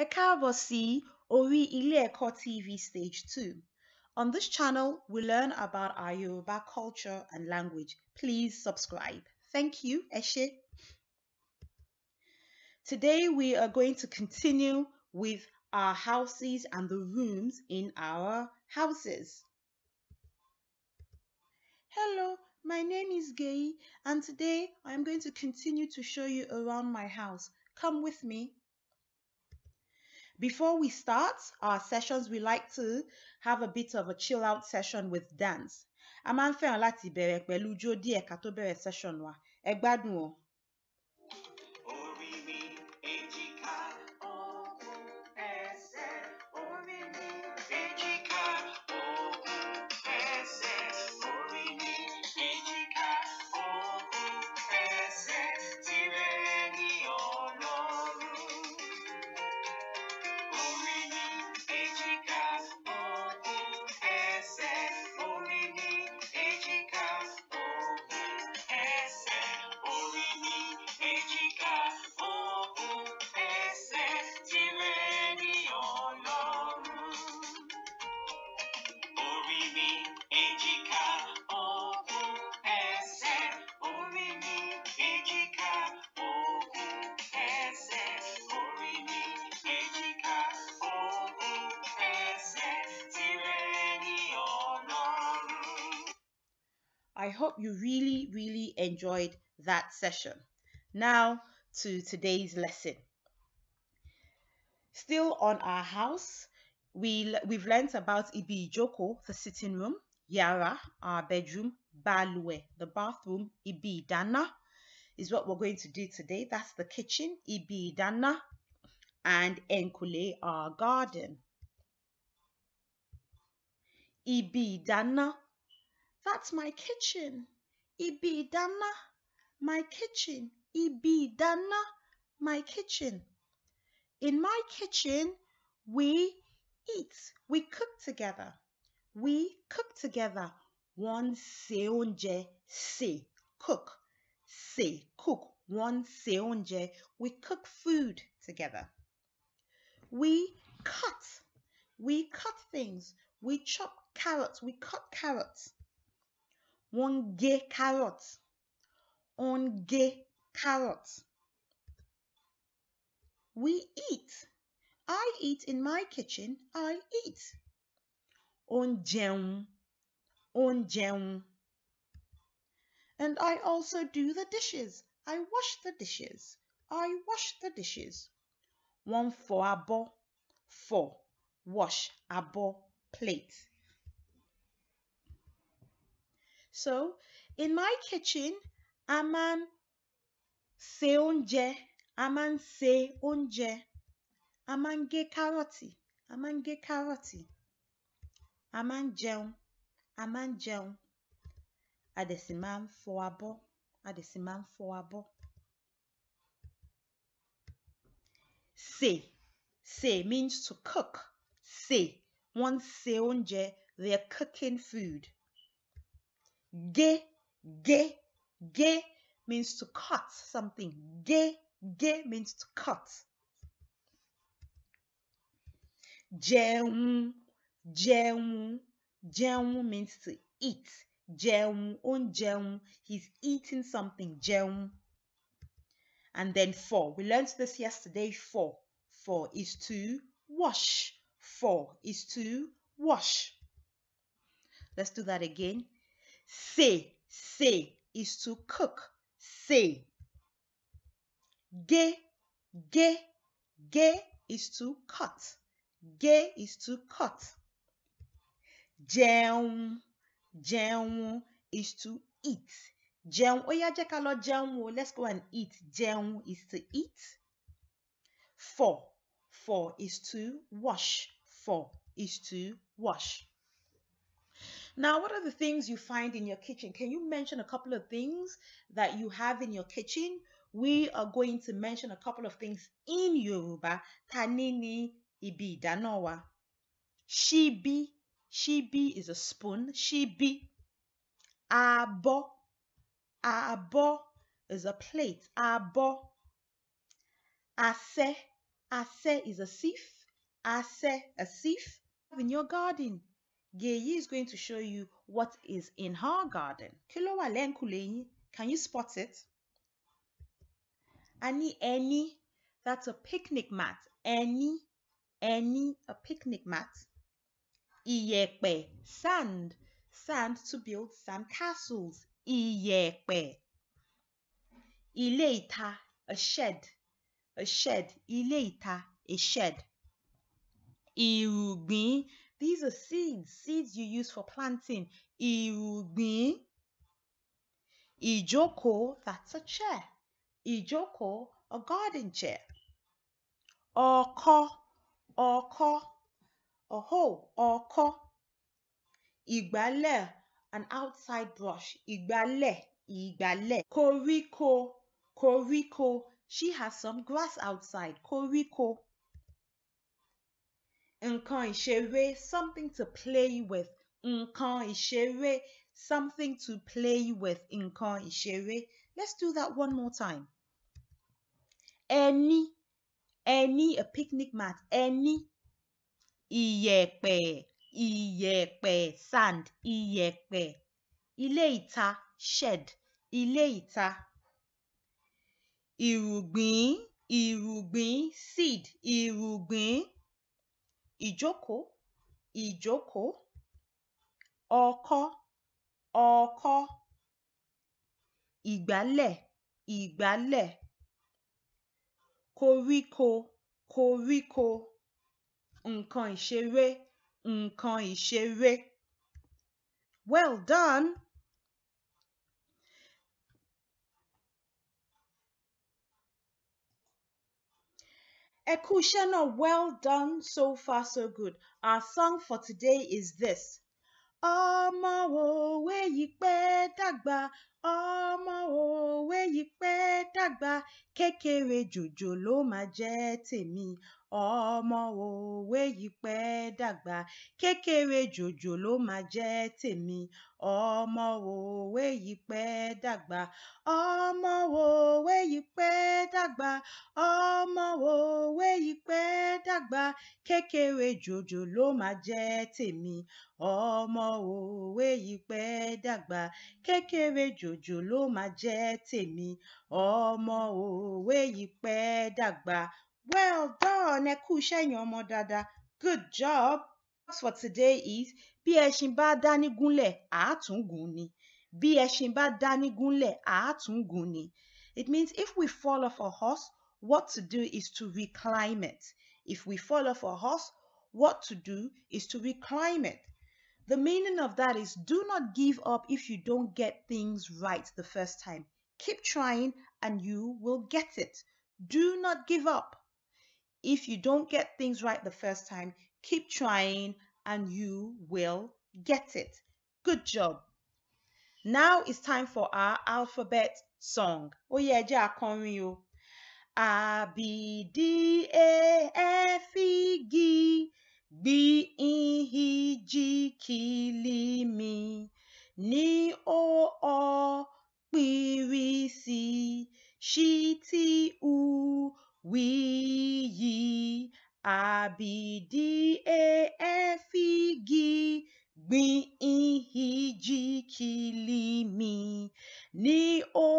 Ẹ sí orí ilé ẹ̀kọ́ TV Stage 2. On this channel, we learn about our Yoruba culture and language. Please subscribe. Thank you, Eshe. Today, we are going to continue with our houses and the rooms in our houses. Hello, my name is Gaye, and today I'm going to continue to show you around my house. Come with me. Before we start our sessions, we like to have a bit of a chill out session with dance. A máa ń fẹ́ràn láti bẹ̀rẹ̀ pẹ̀lú jó díẹ̀ ká tó bẹ̀rẹ̀ session wa. Ẹ gbádùn o. I hope you really, really enjoyed that session. Now to today's lesson. Still on our house, we, we've learnt about Ibi Joko, the sitting room, Yara, our bedroom, Balue, the bathroom, Ibi Dana is what we're going to do today. That's the kitchen, Ibi Dana, and Enkule, our garden. Ibi Dana that's my kitchen. Ibidana. My kitchen. Ibidana. My kitchen. In my kitchen, we eat. We cook together. We cook together. One seonje se cook. Se cook. One seonje. We cook food together. We cut. We cut things. We chop carrots. We cut carrots. One gay carrot one gay carrot. We eat. I eat in my kitchen. I eat. Ó jam, Ó jam. And I also do the dishes. I wash the dishes. I wash the dishes. One for a bo. for Wash. a bo. Plate. So, in my kitchen, a man ń se oúnjẹ, a man ń se oúnjẹ, a man ń gé a man ń gé a man ń a man ń a dẹ̀ sì máa ń fọ a dẹ̀ sì máa ń fọ abọ́. Sè, means to cook. Se, wọ́n ń se oúnjẹ, they are cooking food. Ge, ge, ge means to cut something. Ge, ge means to cut. Jeun, jeun, jeun means to eat. Jeun, on jeun, he's eating something. Jeun. And then four, we learned this yesterday. Four, four is to wash. Four is to wash. Let's do that again. Say say is to cook. Say. Ge, ge, ge is to cut. Ge is to cut. Jẹun, jẹun is to eat. Jẹun, ó yá jẹ́ ká lọ jẹun o, let's go and eat. Jẹun is to eat. Fọ̀, fọ̀ is to wash. Fọ̀ is to wash. Now, what are the things you find in your kitchen? Can you mention a couple of things that you have in your kitchen? We are going to mention a couple of things in Yoruba. Tanini ibi danowa. Shibi. Shibi is a spoon. Shibi. Abo. Abo is a plate. Abo. Ase. Ase is a sieve. Ase, a sieve in your garden. Geyi is going to show you what is in her garden. Kilowa lenkuleyi. Can you spot it? Any, any. That's a picnic mat. Any, any. A picnic mat. Iyepe. Sand. Sand to build sand castles. Iyepe. Ileita. A shed. A shed. Ileita. A shed. Irugbin These are seeds, seeds you use for planting. Irúgbìn, Ijoko, that's a chair. Ijoko, a garden chair. Oko, oko, oho, oko. ọkọ́. an outside brush. Ìgbálẹ̀, ìgbálẹ̀. Koriko, koriko. She has some grass outside. Koriko nǹkan ìṣeré something to play with nǹkan ìṣeré something to play with nǹkan ìṣeré let's do that one more time ẹní ẹní a picnic mat ẹní iyẹ̀pẹ̀ iyẹ̀pẹ̀ sand iyẹ̀pẹ̀ ilé ìta shed ilé ìta ìrùgbìn ìrùgbìn seed ìrùgbìn ìjókòó ìjókòó ọkọ́ ọkọ́ ìgbálẹ̀ ìgbálẹ̀ koríko koríko nǹkan ìṣeré nǹkan ìṣeré well done! Eku Ekushena, well done. So far, so good. Our song for today is this. Ọmọ òwe yìí pẹ́ dàgbà, ọmọ òwe yìí pẹ́ dàgbà, kékeré jòjò ló máa jẹ́ tèmi ọmọ òwe yìí pẹ́ dàgbà kékeré jòjò ló máa jẹ́ tèmi ọmọ òwe yìí pẹ́ dàgbà ọmọ òwe yìí pẹ́ dàgbà ọmọ òwe yìí pẹ́ dàgbà kékeré jòjò ló máa jẹ́ tèmi ọmọ òwe yìí pẹ́ dàgbà kékeré jòjò ló máa jẹ́ tèmi ọmọ òwe yìí pẹ́ dàgbà Well done, Ekusha Yomo Dada. Good job. For today is Bí ẹṣin bá dání gúnlẹ̀, àátúngùn ni. Bí ẹṣin bá dání gúnlẹ̀, àátúngùn It means if we fall off a horse, what to do is to reclimb it. If we fall off a horse, what to do is to reclimb it. The meaning of that is do not give up if you don't get things right the first time. Keep trying and you will get it. Do not give up. If you don't get things right the first time, keep trying and you will get it. Good job. Now it's time for our alphabet song. Ó yẹ jẹ́ akọrin you. A B D A e, F E G B E H G K L M N O O P R C S T U Wí yí àbìdí èéfígì gbìn ìjì kìlìmì ní ó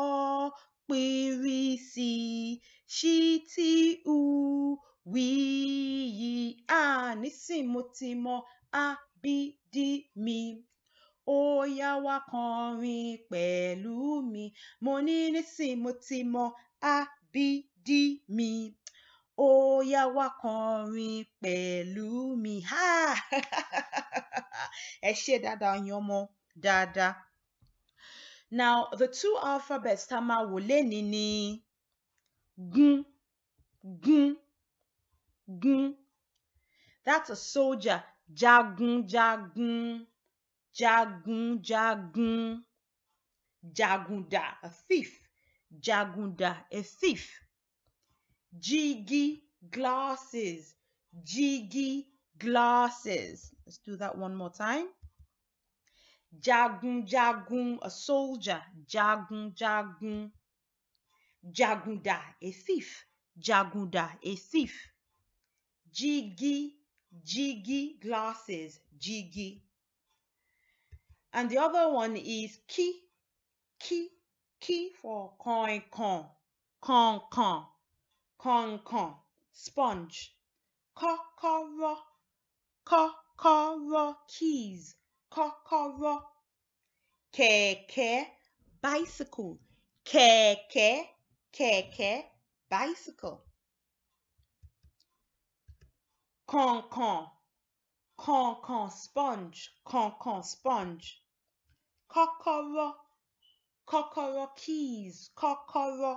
ọ̀pìrìsì ṣítìù wí yí. Ah! Nísìnyí mo ti mọ ábídí mi. Óyá wá kọrin pẹ̀lú mi. Mo ní nísìnyí mo ti mọ ábídí dí mi ó yá wá kọrin pẹ̀lú mi ẹ ṣe dáadáa yan ọmọ dáadáa. Now the two alphabets tá a máa wò lénìí ni gún gún gún that's a soldier jagun jagun jagun jagun jagunda a thief jagunda a thief. jiggy glasses, jiggy glasses. Let's do that one more time. Jagun, jagun, a soldier. Jagun, jagun. Jagunda, a thief. Jagunda, a thief. Jiggy, jiggy glasses, jiggy. And the other one is key, key, key for coin, con, con, con. Con con sponge kọ́kọ́rọ́ kọ́kọ́rọ́ keys kọ́kọ́rọ́ kẹ̀kẹ́ bicycle kẹ̀kẹ́ kẹ̀kẹ́ bicycle Con con con con sponge con con sponge kọ́kọ́rọ́ kọ́kọ́rọ́ keys kọ́kọ́rọ́.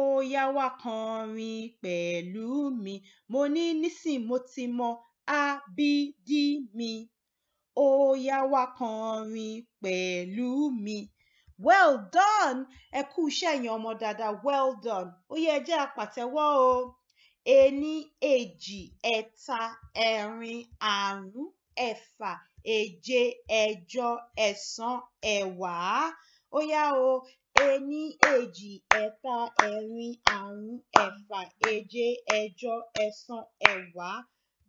óyá wá kọrin pẹ̀lú mi mo ní nísìnyí mo ti mọ a b d mi óyá wá kọrin pẹ̀lú mi well done ẹ kú iṣẹ́ yẹn ọmọ dáadáa well done ó yẹ ẹ jẹ́ apàtẹ́wọ́ o ení èjì ẹ̀ta ẹ̀rin àrún ẹ̀fà èje ẹ̀jọ ẹ̀sán ẹ̀wá ó yá o ení èjì ẹ̀ta ẹ̀rin àrún ẹ̀fà èje ẹ̀jọ ẹ̀sán ẹ̀wá.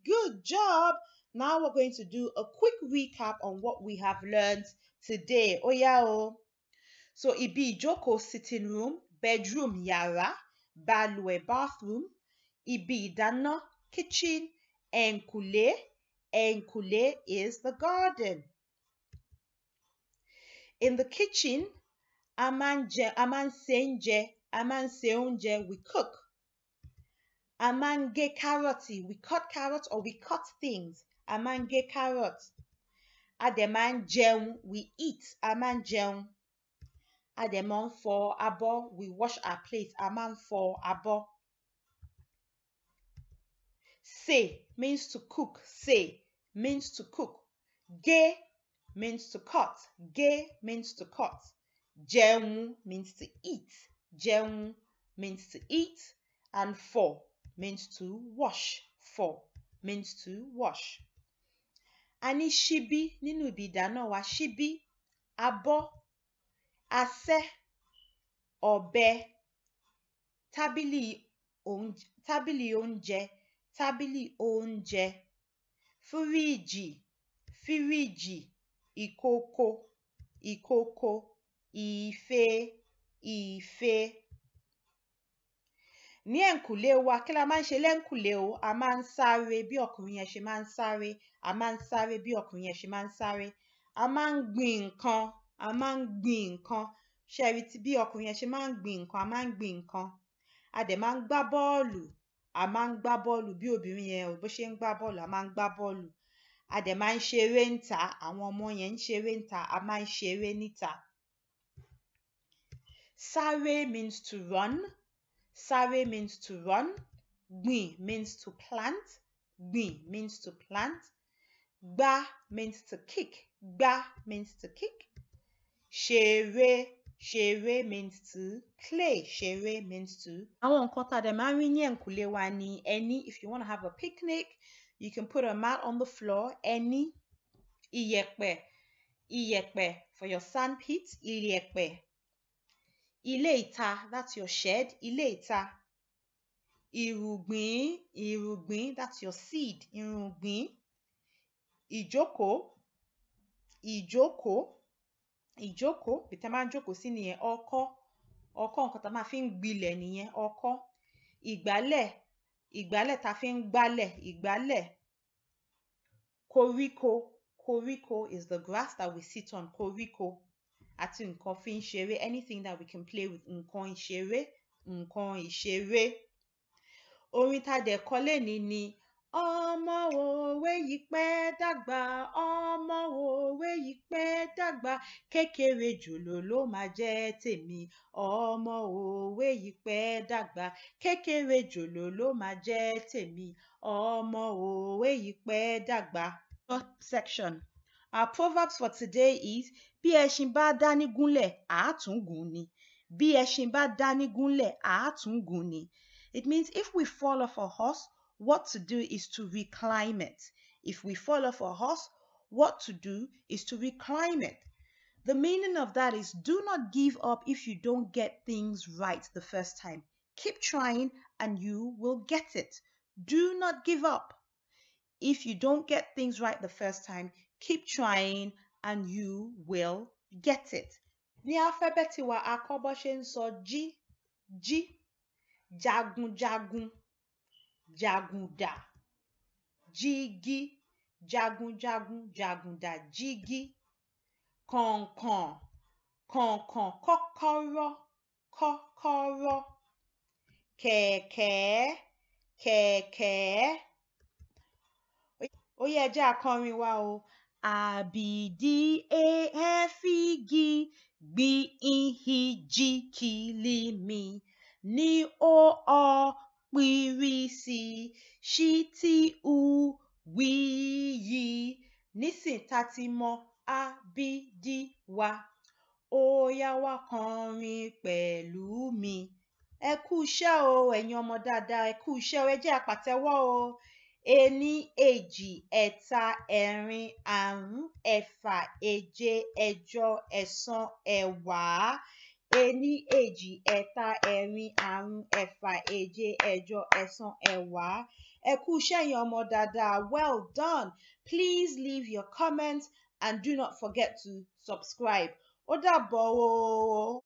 Good job! Now we're going to do a quick recap on what we have learned today. Oya o. So ibi joko sitting room, bedroom yàrá, balùwẹ̀ bathroom, ibi dana kitchen, ẹ̀ǹkùlé ẹ̀ǹkùlé is the garden. In the kitchen, a máa ń jẹ a máa ń se oúnjẹ a máa ń se oúnjẹ we cook a máa ń gé kárọ̀tì we cut carrot or we cut things a máa ń gé carrot a dẹ̀ máa ń jẹun we eat a máa ń jẹun a dẹ̀ máa ń fọ abọ́ we wash our plate a máa ń fọ abọ́. Sè means to cook sè means to cook gé means to cut gé means to cut. Jeun means to eat. Jeun means to eat. And fọ̀ means to wash. Fọ̀ means to wash. A ní ṣíbí nínú ibi ìdáná wa. Ṣíbí, abọ́, asẹ́, ọ̀bẹ, tábìlì oúnjẹ, tábìlì oúnjẹ, tábìlì oúnjẹ, fíríìjì, fíríìjì, ìkòkò, ìkòkò ìfe ìfe ní ẹ̀ǹkùlé wa kí la máa ń ṣe lẹ́ǹkùlé o a máa ń sáré bí ọkùnrin yẹn ṣe máa ń sáré a máa ń sáré bí ọkùnrin yẹn ṣe máa ń sáré a máa ń gbin nǹkan a máa ń gbin nǹkan ṣẹ́rí tí bí ọkùnrin yẹn ṣe máa ń gbin nǹkan a máa ń gbin nǹkan a dẹ̀ máa ń gbá bọ́ọ̀lù a máa ń gbá bọ́ọ̀lù bí obìnrin yẹn bó ṣe ń gbá bọ́ọ̀lù a máa ń gbá bọ́ọ̀lù a dẹ̀ máa ń ṣeré níta àwọn ọmọ yẹn ń ṣeré níta a máa ń ṣeré níta Sare means to run. Sare means to run. Gbìn means to plant. Gbìn means to plant. Gbá means to kick. Gbá means to kick. Ṣeré ṣeré means to play. Ṣeré means to. Àwọn nǹkan tá a dẹ̀ máa ń rí ní ẹ̀ǹkùlé wa ni ẹní. If you wanna have a picnic, you can put a mat on the floor. Ẹní. Iyẹ̀pẹ̀. Iyẹ̀pẹ̀ for your sandpit. Iyẹ̀pẹ̀ ilé ìta that's your shed ilé ìta ìrùgbìn ìrùgbìn that's your seed ìrùgbìn ìjókòó ìjókòó ìjókòó bí tá a máa ń jókòó sí nìyẹn ọkọ́ ọkọ́ nǹkan tá a máa fi ń gbilẹ̀ nìyẹn ọkọ́ ìgbálẹ̀ ìgbálẹ̀ tá fi ń gbálẹ̀ ìgbálẹ̀ koríko koríko is the grass that we sit on koríko àti nǹkan fi ń ṣeré anything that we can play with nǹkan ìṣeré nǹkan ìṣeré orin tá a dẹ̀ kọ́ lẹ́ni ni ọmọ òwe yìí pẹ́ dàgbà ọmọ òwe yìí pẹ́ dàgbà kékeré jòló ló máa jẹ́ tèmi ọmọ òwe yìí pẹ́ dàgbà kékeré jòló ló máa jẹ́ tèmi ọmọ òwe yìí pẹ́ dàgbà. section Our proverbs for today is bí bá dání gúnlẹ̀ àá tún Bí bá dání gúnlẹ̀ àá It means if we fall off a horse, what to do is to reclimb it. If we fall off a horse, what to do is to reclimb it. The meaning of that is do not give up if you don't get things right the first time. Keep trying and you will get it. Do not give up. If you don't get things right the first time, keep trying and you will get it. ní alphabet wa a kọ́ bó ṣe ń sọ jí jí jagunjagun jagunda jígí jagunjagun jagunda jígí kọ̀ǹkọ̀ǹ kọ̀ǹkọ̀ǹ kọ́kọ́rọ́ kọ́kọ́rọ́ kẹ̀kẹ́ kẹ̀kẹ́ ó yẹ ẹ jẹ́ akọrin wa o abịdịeefịgị gbịịhịjịkịlịmị nịọọkpịrịsị ṣítíúwìyí nísìn tá a e ti mọ a bí dí wa ó yá wá kọrin pẹ̀lú mi ẹ kú iṣẹ́ o ẹ̀yin ọmọ dáadáa ẹ kú iṣẹ́ o ẹ jẹ́ á pàtẹ́wọ́ o ení, èjì, ẹ̀ta, ẹ̀rin, àrún, ẹ̀fà, èje, ẹ̀jọ, ẹ̀sán, ẹ̀wàá ení, èjì, ẹ̀ta, ẹ̀rin, àrún, ẹ̀fà, èje, ẹ̀jọ, ẹ̀sán, ẹ̀wàá. Ẹ kú iṣẹ́ yẹn ọmọ dáadáa. Well done. Please leave your comment and do not forget to subscribe. Ó dàbọ̀ o.